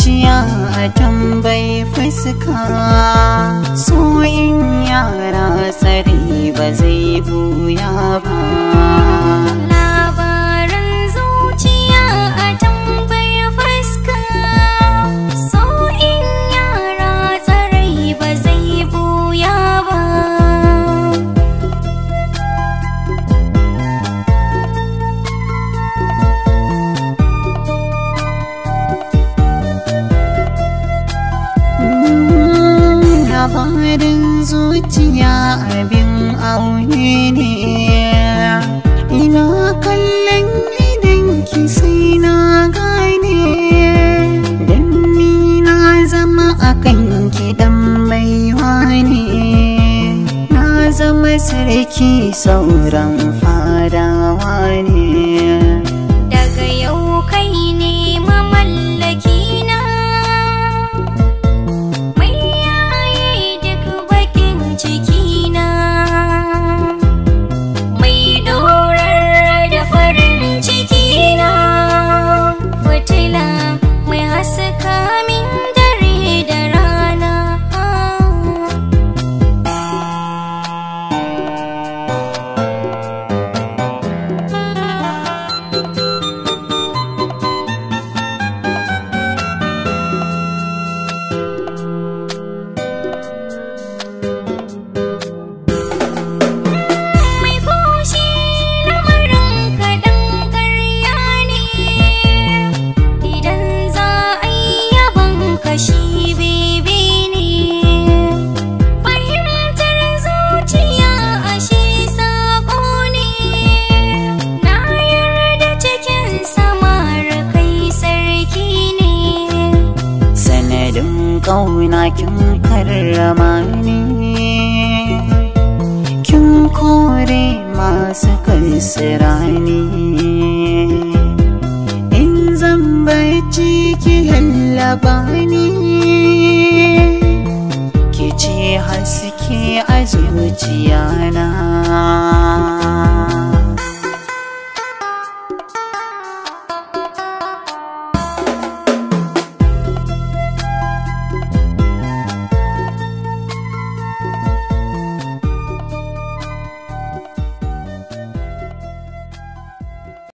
zuciya a tambayi fuska so in farin zuciya abin aune ne ina kallon gidanki sai na gane don ni na zama akan gidan baiwa ne na zama sarki sauran fadawa ne daga Kauna kin karrama ni kin kore masu kansirani in zan barci ki lallaba ni ki ce haske a zuciyana